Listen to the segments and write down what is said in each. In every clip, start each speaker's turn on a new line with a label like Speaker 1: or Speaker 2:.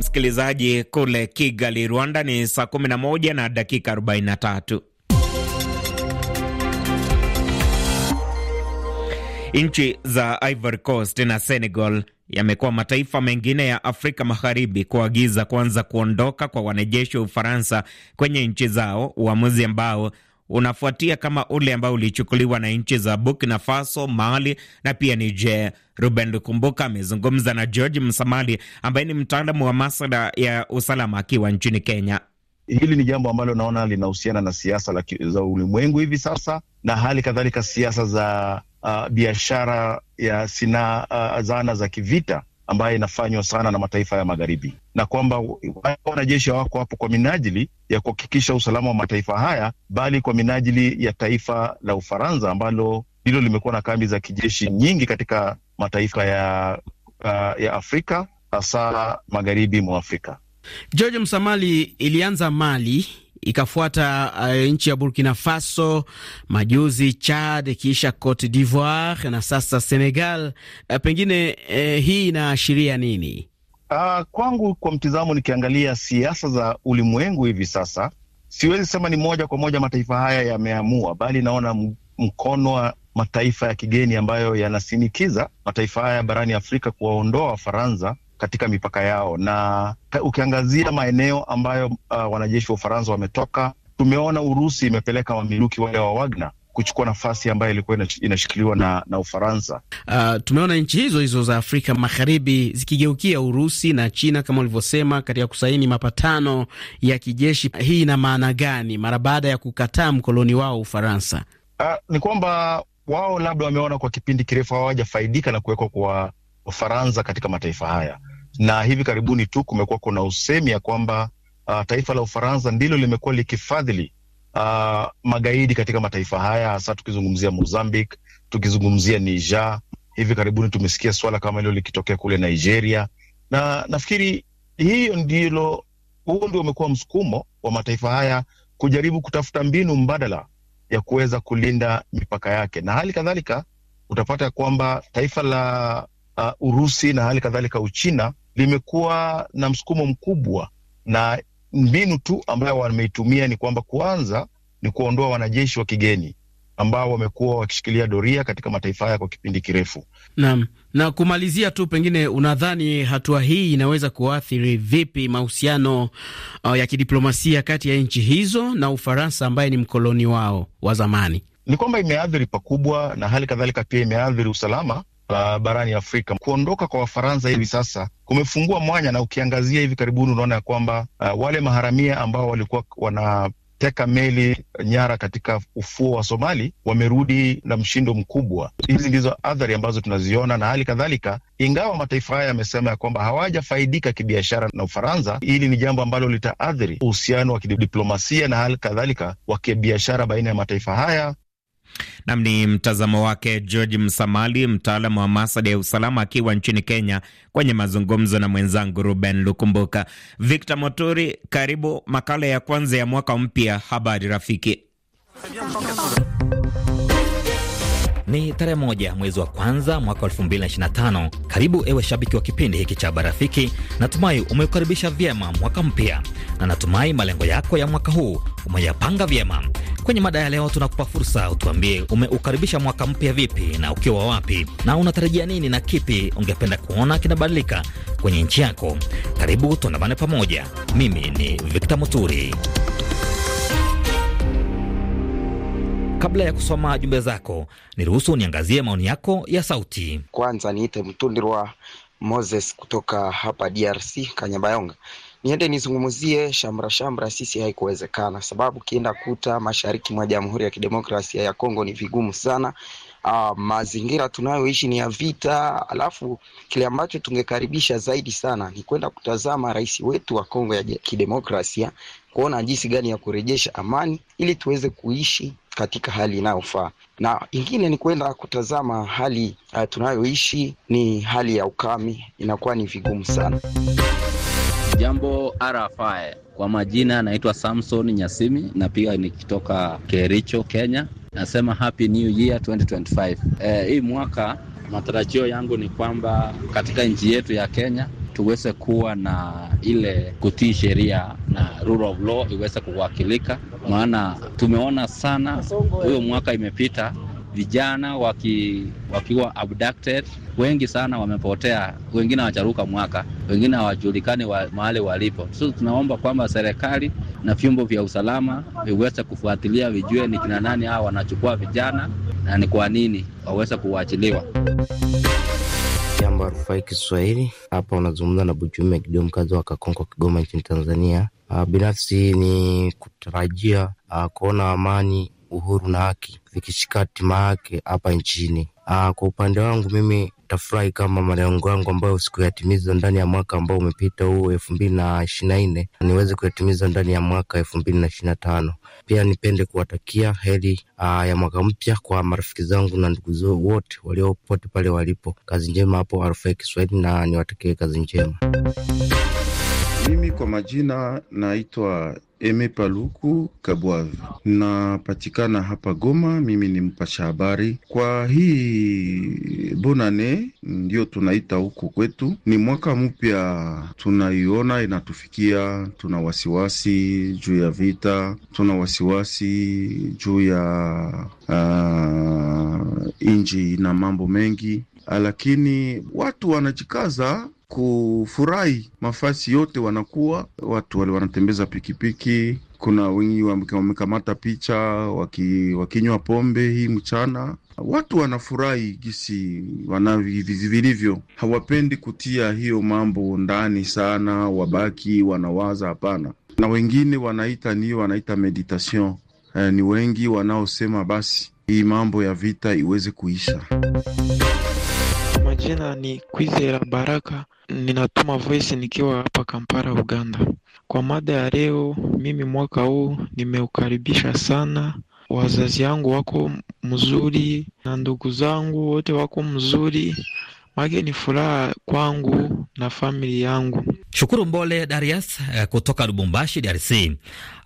Speaker 1: msikilizaji, kule Kigali, Rwanda ni saa 11 na dakika 43. Nchi za Ivory Coast na Senegal yamekuwa mataifa mengine ya Afrika Magharibi kuagiza kuanza kuondoka kwa wanajeshi wa Ufaransa kwenye nchi zao, uamuzi ambao unafuatia kama ule ambao ulichukuliwa na nchi za Burkina Faso, Mali na pia Niger. Ruben Lukumbuka amezungumza na George Msamali ambaye ni mtaalamu wa masuala ya usalama akiwa nchini Kenya.
Speaker 2: Hili ni jambo ambalo naona linahusiana na siasa za ulimwengu hivi sasa na hali kadhalika siasa za uh, biashara ya sina uh, ah, zana za kivita ambayo inafanywa sana na mataifa ya magharibi, na kwamba wanajeshi hawako hapo kwa minajili ya kuhakikisha usalama wa mataifa haya, bali kwa minajili ya taifa la Ufaransa ambalo ndilo limekuwa na kambi za kijeshi nyingi katika mataifa ya, uh, ya Afrika hasa magharibi mwa Afrika.
Speaker 3: George Msamali, ilianza Mali ikafuata uh, nchi ya Burkina Faso, majuzi Chad, kisha Cote d'Ivoire na sasa Senegal.
Speaker 2: Uh, pengine uh, hii inaashiria nini? Uh, kwangu kwa mtizamo, nikiangalia siasa za ulimwengu hivi sasa, siwezi sema ni moja kwa moja mataifa haya yameamua, bali naona mkono wa mataifa ya kigeni ambayo yanasinikiza mataifa haya barani Afrika kuwaondoa Wafaransa katika mipaka yao, na ukiangazia maeneo ambayo uh, wanajeshi wa Ufaransa wametoka, tumeona Urusi imepeleka wamiluki wale wa Wagner kuchukua nafasi ambayo ilikuwa inashikiliwa na, na Ufaransa.
Speaker 3: Uh, tumeona nchi hizo hizo za Afrika Magharibi zikigeukia Urusi na China kama ulivyosema katika kusaini mapatano ya kijeshi. Hii ina maana gani mara baada ya kukataa mkoloni
Speaker 2: wao Ufaransa? Uh, ni kwamba wao labda wameona kwa kipindi kirefu hawajafaidika na kuwekwa kwa Ufaransa katika mataifa haya na hivi karibuni tu kumekuwa kuna usemi ya kwamba uh, taifa la Ufaransa ndilo limekuwa likifadhili uh, magaidi katika mataifa haya, hasa tukizungumzia Mozambique, tukizungumzia Niger. Hivi karibuni tumesikia swala kama hilo likitokea kule Nigeria, na nafikiri hiyo ndilo, huo ndio umekuwa msukumo wa mataifa haya kujaribu kutafuta mbinu mbadala ya kuweza kulinda mipaka yake, na hali kadhalika utapata kwamba taifa la uh, Urusi na hali kadhalika Uchina limekuwa na msukumo mkubwa, na mbinu tu ambayo wameitumia ni kwamba kwanza ni kuondoa wanajeshi wa kigeni ambao wamekuwa wakishikilia doria katika mataifa haya kwa kipindi kirefu.
Speaker 3: Naam, na kumalizia tu, pengine unadhani hatua hii inaweza kuathiri vipi mahusiano uh, ya kidiplomasia kati ya nchi hizo na Ufaransa ambaye ni mkoloni
Speaker 2: wao wa zamani? Ni kwamba imeathiri pakubwa, na hali kadhalika pia imeathiri usalama la barani Afrika. Kuondoka kwa Wafaransa hivi sasa kumefungua mwanya, na ukiangazia hivi karibuni unaona ya kwamba uh, wale maharamia ambao walikuwa wana teka meli nyara katika ufuo wa Somali wamerudi na mshindo mkubwa. Hizi ndizo athari ambazo tunaziona, na hali kadhalika, ingawa mataifa haya yamesema ya kwamba hawajafaidika kibiashara na Ufaransa, hili ni jambo ambalo litaathiri uhusiano wa kidiplomasia na hali kadhalika wa kibiashara baina ya mataifa haya
Speaker 1: Nam ni mtazamo wake George Msamali, mtaalamu wa masada ya usalama akiwa nchini Kenya, kwenye mazungumzo na mwenzangu Ruben Lukumbuka. Victor Moturi, karibu makala ya kwanza ya mwaka mpya, habari rafiki
Speaker 4: ni tarehe moja mwezi wa kwanza mwaka 2025. Karibu ewe shabiki wa kipindi hiki cha Barafiki. Natumai umeukaribisha vyema mwaka mpya, na natumai malengo yako ya mwaka huu umeyapanga vyema. Kwenye mada ya leo tunakupa fursa utuambie umeukaribisha mwaka mpya vipi na ukiwa wapi, na unatarajia nini na kipi ungependa kuona kinabadilika kwenye nchi yako. Karibu tuandamane pamoja. Mimi ni Victor Muturi. Kabla ya kusoma jumbe zako, niruhusu niangazie maoni yako ya sauti.
Speaker 5: Kwanza niite Mtundirwa Moses kutoka hapa DRC, Kanyabayonga. Niende nizungumzie shamra shamra, sisi haikuwezekana, sababu kienda kuta mashariki mwa Jamhuri ya Kidemokrasia ya Kongo ni vigumu sana. Uh, mazingira tunayoishi ni ya vita, alafu kile ambacho tungekaribisha zaidi sana ni kwenda kutazama rais wetu wa Kongo ya Kidemokrasia kuona jinsi gani ya kurejesha amani ili tuweze kuishi katika hali inayofaa. Na ingine ni kwenda kutazama hali uh, tunayoishi ni hali ya ukame, inakuwa ni vigumu sana. Jambo
Speaker 3: RFI, kwa majina anaitwa Samson Nyasimi na pia nikitoka Kericho, Kenya. Nasema happy new year 2025. Eh, hii mwaka matarajio yangu ni kwamba katika nchi yetu ya Kenya tuweze kuwa na ile kutii sheria na rule of law iweze kuwakilika, maana tumeona sana huyo mwaka imepita vijana waki, wakiwa abducted wengi sana wamepotea, wengine wacharuka mwaka, wengine hawajulikani wa, mahali walipo. So tunaomba kwamba serikali na vyombo vya usalama viweze kufuatilia, vijue ni kina nani hawa wanachukua vijana na ni kwa nini waweze kuwachiliwa.
Speaker 6: Jambo arufai Kiswahili, hapa unazungumza na buchume Kidio, mkazi wa Kakonko, Kigoma nchini Tanzania. Uh, binafsi ni kutarajia uh, kuona amani, uhuru na haki vikishika hatima yake hapa nchini. Uh, kwa upande wangu mimi nitafurahi kama malengo yangu ambayo sikuyatimiza ndani ya mwaka ambao umepita huu elfu mbili na ishirini na nne niweze kuyatimiza ndani ya mwaka elfu mbili na ishirini na tano. Pia nipende kuwatakia heri aa, ya mwaka mpya kwa marafiki zangu na ndugu zangu wote waliopote pale walipo. Kazi njema hapo RFI Kiswahili, na niwatakie kazi njema.
Speaker 2: Mimi kwa majina naitwa Eme Paluku Kabwavi, napatikana hapa Goma. Mimi ni mpasha habari. Kwa hii bonane ndio tunaita huku kwetu, ni mwaka mpya tunaiona inatufikia. Tuna wasiwasi juu ya vita, tuna wasiwasi juu ya uh, ah, inji na mambo mengi, lakini watu wanajikaza kufurahi mafasi yote, wanakuwa watu wale wanatembeza pikipiki kuna wengi wamekamata picha waki, wakinywa pombe hii mchana. Watu wanafurahi gisi vilivyo, hawapendi kutia hiyo mambo ndani sana, wabaki wanawaza. Hapana, na wengine wanaita niyo wanaita meditation. Eh, ni wengi wanaosema basi hii mambo ya vita iweze kuisha.
Speaker 1: Majina ni Kwizera Baraka Ninatuma voice nikiwa hapa Kampala, Uganda. Kwa mada ya leo, mimi mwaka huu nimeukaribisha sana. Wazazi yangu wako mzuri na ndugu zangu wote wako mzuri,
Speaker 4: make ni furaha kwangu na famili yangu. Shukuru Mbole Darius eh, kutoka Lubumbashi, DRC,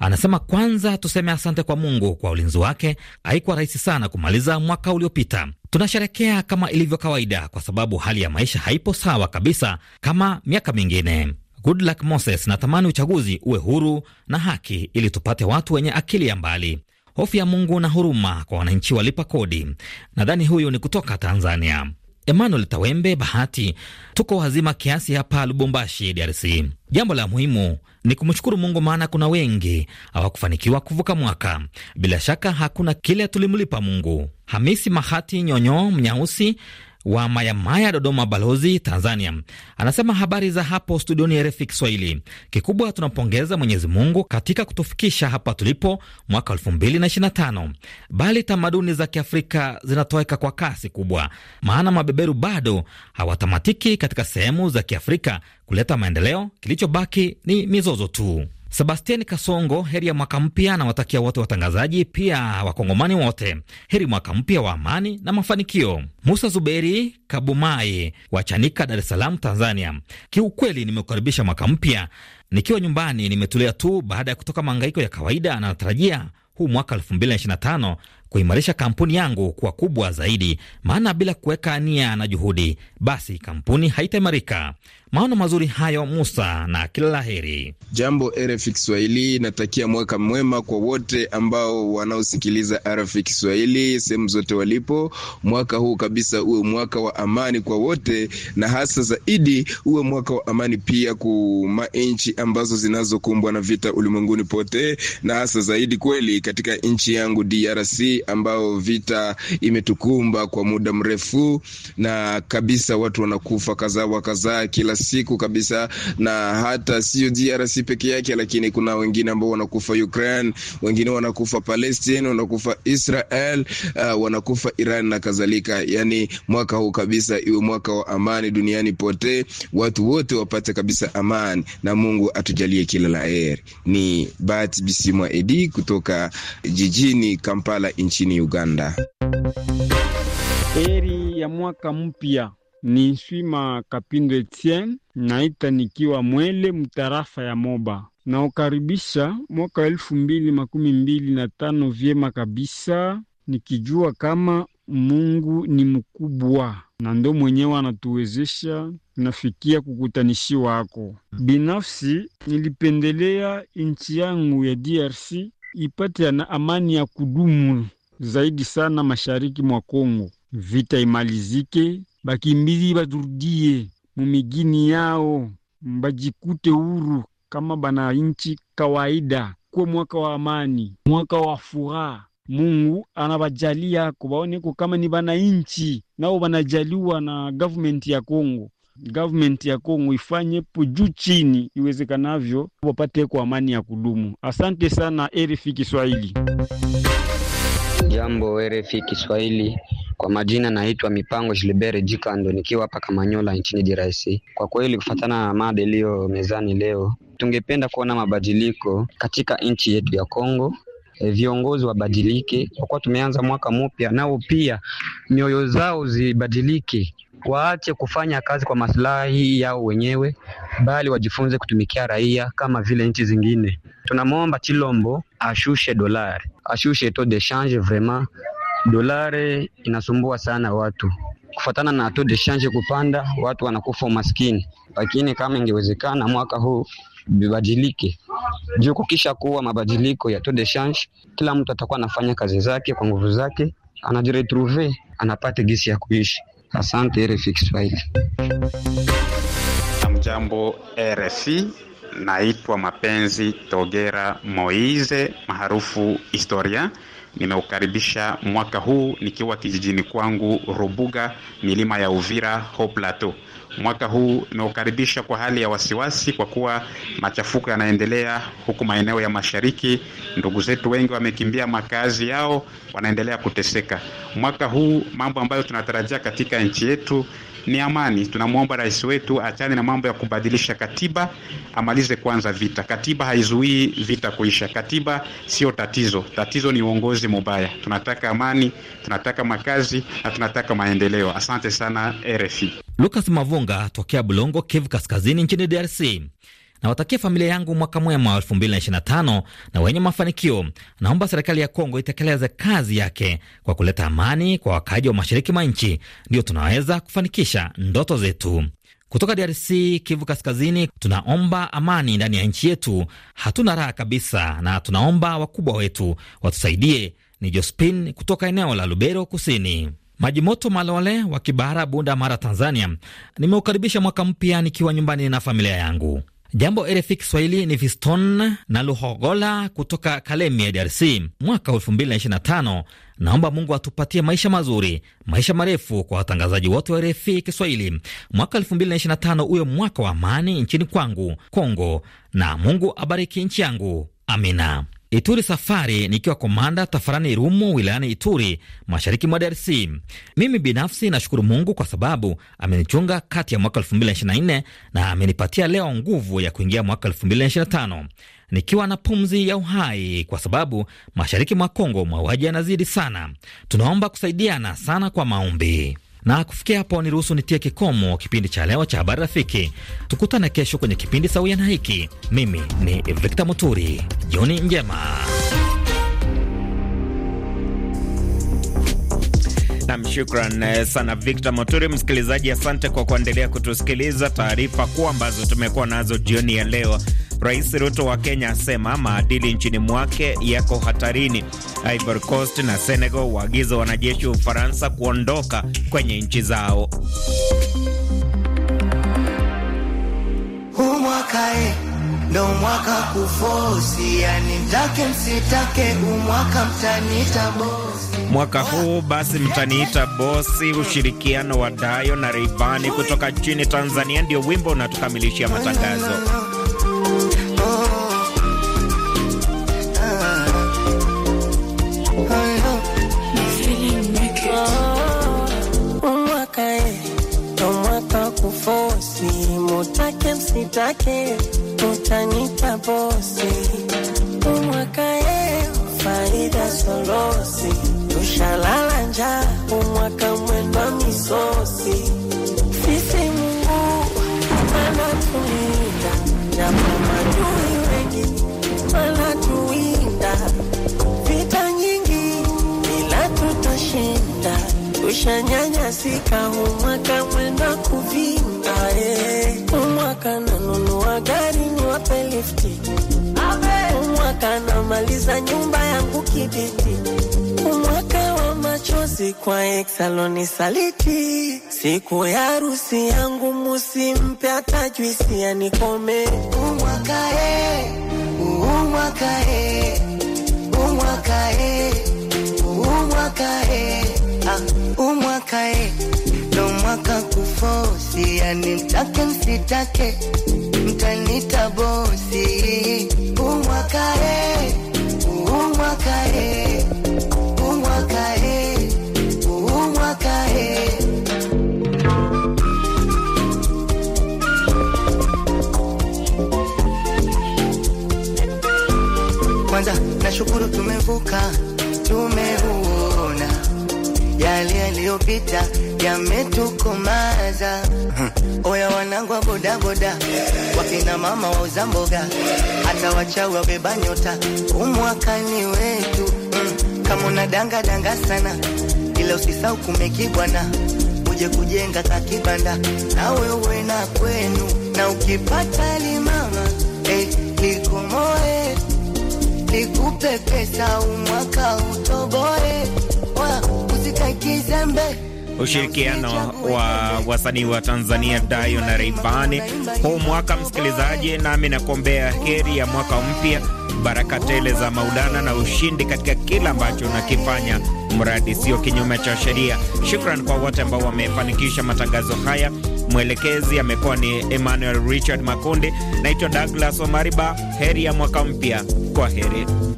Speaker 4: anasema kwanza tuseme asante kwa Mungu kwa ulinzi wake. Haikuwa rahisi sana kumaliza mwaka uliopita, Tunasherekea kama ilivyo kawaida, kwa sababu hali ya maisha haipo sawa kabisa kama miaka mingine. Goodluck Moses natamani uchaguzi uwe huru na haki, ili tupate watu wenye akili ya mbali, hofu ya Mungu na huruma kwa wananchi walipa kodi. Nadhani huyu ni kutoka Tanzania. Emmanuel Tawembe Bahati. Tuko wazima kiasi hapa Lubumbashi, DRC. Jambo la muhimu ni kumshukuru Mungu, maana kuna wengi hawakufanikiwa kuvuka mwaka. Bila shaka hakuna kile tulimlipa Mungu. Hamisi Mahati Nyonyo Mnyausi wa Mayamaya, Dodoma, balozi Tanzania, anasema habari za hapo studioni RFI Kiswahili. Kikubwa tunampongeza Mwenyezi Mungu katika kutufikisha hapa tulipo mwaka 225 bali tamaduni za Kiafrika zinatoweka kwa kasi kubwa, maana mabeberu bado hawatamatiki katika sehemu za Kiafrika kuleta maendeleo. Kilichobaki ni mizozo tu. Sebastian Kasongo, heri ya mwaka mpya anawatakia wote watangazaji, pia wakongomani wote heri mwaka mpya wa amani na mafanikio. Musa Zuberi Kabumai wa Chanika, Dar es Salaam, Tanzania. Kiukweli nimeukaribisha mwaka mpya nikiwa nyumbani, nimetulia tu baada ya kutoka mahangaiko ya kawaida, na natarajia huu mwaka 2025 kuimarisha kampuni yangu kuwa kubwa zaidi, maana bila kuweka nia na juhudi, basi kampuni haitaimarika. Maono mazuri hayo Musa, na kila la heri.
Speaker 3: Jambo RFI Kiswahili, natakia mwaka mwema kwa wote ambao wanaosikiliza RFI Kiswahili sehemu zote walipo. Mwaka huu kabisa uwe mwaka wa amani kwa wote, na hasa zaidi uwe mwaka wa amani pia kuma nchi ambazo zinazokumbwa na vita ulimwenguni pote, na hasa zaidi kweli katika nchi yangu DRC ambao vita imetukumba kwa muda mrefu, na kabisa watu wanakufa kadhaa wa kadhaa kila siku kabisa, na hata sio DRC peke yake, lakini kuna wengine ambao wanakufa Ukraine, wengine wanakufa Palestine, wanakufa Israel, uh, wanakufa Iran na kadhalika. Yani mwaka huu kabisa iwe mwaka wa amani duniani pote, watu wote wapate kabisa amani, na Mungu atujalie kila la heri. Ni Bahati Bisimwa Edi kutoka jijini Kampala nchini Uganda.
Speaker 7: Heri ya mwaka mpya ni nswima Kapindo Etien, naita nikiwa Mwele mtarafa ya Moba na mwaka wa elfu mbili makumi mbili na tano vyema kabisa, nikijua kama Mungu ni mkubwa na ndo mwenyewe anatuwezesha nafikia kukutanishiwa ako. Binafsi nilipendelea nchi yangu ya DRC ipate na amani ya kudumu zaidi sana mashariki mwa Kongo, vita imalizike, bakimbizi baturudie mumigini yao, bajikute huru kama bana inchi kawaida. Kwa mwaka wa amani, mwaka wa furaha. Mungu anabajalia baoneko kama ni bana inchi nao banajaliwa na government ya Kongo government ya Kongo ifanye po juu chini iwezekanavyo, wapate kwa amani ya kudumu. Asante sana RFI Kiswahili.
Speaker 5: Jambo RFI Kiswahili, kwa majina naitwa Mipango Jilibere Jikando, nikiwa hapa Kamanyola nchini DRC. Kwa kweli, kufatana na mada iliyo mezani leo, tungependa kuona mabadiliko katika nchi yetu ya Kongo. E, eh, viongozi wabadilike kwa kuwa tumeanza mwaka mpya, nao pia mioyo zao zibadilike waache kufanya kazi kwa maslahi yao wenyewe, bali wajifunze kutumikia raia kama vile nchi zingine. Tunamwomba Chilombo ashushe dolari, ashushe taux de change. Vraiment dolari inasumbua sana watu kufatana na taux de change kupanda, watu wanakufa umaskini. Lakini kama ingewezekana mwaka huu bibadilike juu, kukisha kuwa mabadiliko ya taux de change, kila mtu atakuwa anafanya kazi zake kwa nguvu zake, anajiretrouver anapata gisi ya kuishi. Asante RFI Kiswahili.
Speaker 3: Jambo RFI, naitwa Mapenzi Togera moise maarufu historia nimeukaribisha mwaka huu nikiwa kijijini kwangu Rubuga, milima ya Uvira ho Plateau. Mwaka huu nimeukaribisha kwa hali ya wasiwasi, kwa kuwa machafuko yanaendelea huku maeneo ya mashariki. Ndugu zetu wengi wamekimbia makazi yao, wanaendelea kuteseka. Mwaka huu mambo ambayo tunatarajia katika nchi yetu ni amani. Tunamwomba rais wetu achane na mambo ya kubadilisha katiba, amalize kwanza vita. Katiba haizuii vita kuisha, katiba sio tatizo. Tatizo ni uongozi mubaya. Tunataka amani, tunataka makazi na tunataka maendeleo. Asante sana RFI.
Speaker 4: Lucas Mavunga tokea Bulongo, Kivu Kaskazini, nchini DRC. Nawatakia familia yangu mwaka mwema wa 2025 na wenye mafanikio. Naomba serikali ya Kongo itekeleze kazi yake kwa kuleta amani kwa wakaaji wa mashariki mwa nchi, ndio tunaweza kufanikisha ndoto zetu. Kutoka DRC Kivu Kaskazini, tunaomba amani ndani ya nchi yetu. Hatuna raha kabisa, na tunaomba wakubwa wetu watusaidie. Ni Jospin kutoka eneo la Lubero Kusini. Maji moto Malole wa Kibara, Bunda, Mara, Tanzania. Nimeukaribisha mwaka mpya nikiwa nyumbani na familia yangu. Jambo RFI Kiswahili ni Viston na Luhogola kutoka ya DRC. Mwaka 2025 naomba Mungu atupatie maisha mazuri, maisha marefu kwa watangazaji wote wa RFI Kiswahili. Mwaka 2025 uwe mwaka wa amani nchini kwangu Kongo, na Mungu abariki nchi yangu. Amina. Ituri Safari nikiwa komanda tafarani Irumu wilayani Ituri, mashariki mwa DRC. Mimi binafsi nashukuru Mungu kwa sababu amenichunga kati ya mwaka 2024 na amenipatia leo nguvu ya kuingia mwaka 2025 nikiwa na pumzi ya uhai, kwa sababu mashariki mwa Kongo mauaji yanazidi sana. Tunaomba kusaidiana sana kwa maombi. Na kufikia hapo, niruhusu nitie kikomo kipindi cha leo cha habari rafiki. Tukutane kesho kwenye kipindi sawia na hiki. Mimi ni Victor Muturi, jioni njema.
Speaker 1: Nam, shukran eh, sana Victor Moturi. Msikilizaji, asante kwa kuendelea kutusikiliza. Taarifa kuu ambazo tumekuwa nazo jioni ya leo Rais Ruto wa Kenya asema maadili nchini mwake yako hatarini. Ivory Coast na Senegal waagiza wanajeshi wa Ufaransa kuondoka kwenye nchi zao.
Speaker 6: Huu mwaka eh, ndo mwaka kufosi, yani msitake, bosi.
Speaker 1: Mwaka huu basi mtaniita bosi. Ushirikiano wa Dayo na Reivani kutoka nchini Tanzania ndio wimbo unatukamilishia matangazo.
Speaker 6: wake utanita bosi, umwakae faida Solosi, tushalala njaa, umwaka mwendwa misosi, sisi Mungu anatulinda japo maadui wengi wanatuwinda, vita nyingi ila tutashinda, tushanyanyasika umwa mwaka na maliza nyumba yangu kibiti. Umwaka wa machozi kwa exaloni saliti. Siku ya harusi yangu musimpe hata juisi anikome. Umwaka e, eh. umwaka e, eh. umwaka e, eh. umwaka e, ah, umwaka e ndo mwaka kufosi, yani mtake msitake, mtanita bosi. Umwaka e, umwaka e, umwaka e, Kwanza nashukuru tumevuka, tumevuka yale yaliyopita yametukomaza. Hmm. Oya wanangu wa bodaboda, wakina mama wauza mboga, hata wachawi wabeba nyota, umwakani wetu mm. Kama una danga danga sana, ila usisau bwana, uje kujenga kakibanda na wewe na kwenu, na ukipata limama hey, eh, likomoe likupe pesa umwaka utoboe
Speaker 1: ushirikiano wa wasanii wa Tanzania Dayo na Reibane huu mwaka. Msikilizaji, nami nakuombea heri ya mwaka mpya, baraka tele za Maulana na ushindi katika kila ambacho unakifanya, mradi sio kinyume cha sheria. Shukran kwa wote ambao wamefanikisha matangazo haya. Mwelekezi amekuwa ni Emmanuel Richard Makonde. Naitwa Douglas Omariba. Heri ya mwaka mpya, kwa heri.